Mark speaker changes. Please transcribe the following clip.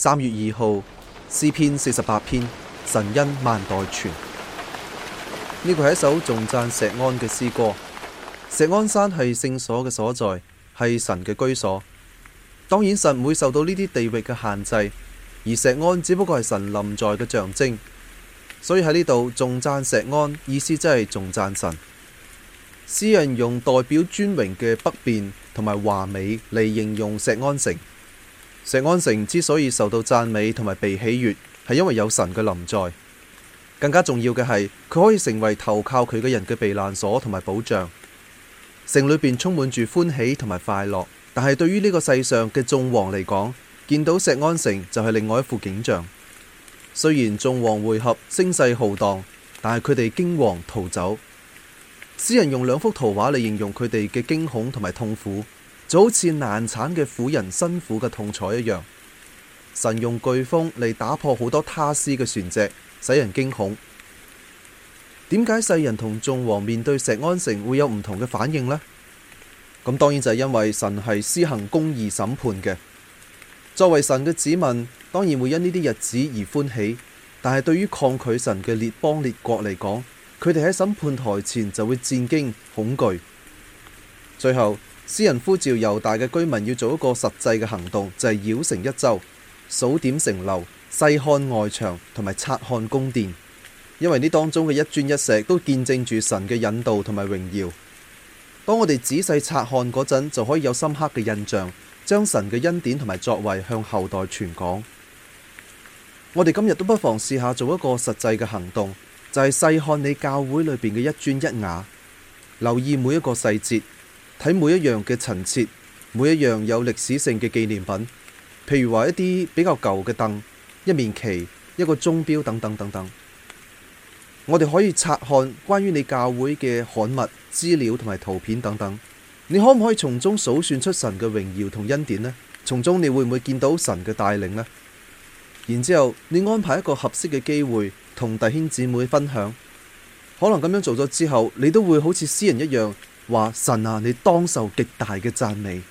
Speaker 1: 三月二號，詩篇四十八篇，神恩萬代傳。呢個係一首頌讚錫安嘅詩歌。錫安山係聖所嘅所在，係神嘅居所。當然神唔會受到呢啲地域嘅限制，而錫安只不過係神臨在嘅象徵。所以喺呢度頌讚錫安，意思即係頌讚神。詩人用代表尊榮嘅北面同埋華美嚟形容錫安城。錫安城之所以受到讚美同埋被喜悦，係因為有神嘅臨在。更加重要嘅係，佢可以成為投靠佢嘅人嘅避難所同埋保障。城裏邊充滿住歡喜同埋快樂。但係對於呢個世上嘅眾王嚟講，見到錫安城就係另外一副景象。雖然眾王會合，聲勢浩蕩，但係佢哋驚惶逃走。詩人用兩幅圖畫嚟形容佢哋嘅驚恐同埋痛苦。就好似難產嘅婦人辛苦嘅痛楚一樣，神用颶風嚟打破好多他施嘅船隻，使人驚恐。點解世人同眾王面對錫安城會有唔同嘅反應呢？咁當然就係因為神係施行公義審判嘅。作為神嘅子民，當然會因呢啲日子而歡喜。但係對於抗拒神嘅列邦列國嚟講，佢哋喺審判台前就會戰驚恐懼。最後，詩人呼召猶大嘅居民要做一個實際嘅行動，就係繞城一周，數點城樓，細看外牆，同埋察看宮殿。因為呢當中嘅一磚一石都見證住神嘅引導同埋榮耀。當我哋仔細察看嗰陣，就可以有深刻嘅印象，將神嘅恩典同埋作為向後代傳講。我哋今日都不妨試下做一個實際嘅行動，就係細看你教會裏邊嘅一磚一瓦，留意每一個細節。睇每一樣嘅陳設，每一樣有歷史性嘅紀念品，譬如話一啲比較舊嘅凳、一面旗、一個鐘錶等等等等。我哋可以察看關於你教會嘅刊物、資料同埋圖片等等。你可唔可以從中數算出神嘅榮耀同恩典呢？從中你會唔會見到神嘅帶領呢？然之後你安排一個合適嘅機會，同弟兄姊妹分享。可能咁樣做咗之後，你都會好似詩人一樣。話，神啊，你當受極大嘅讚美。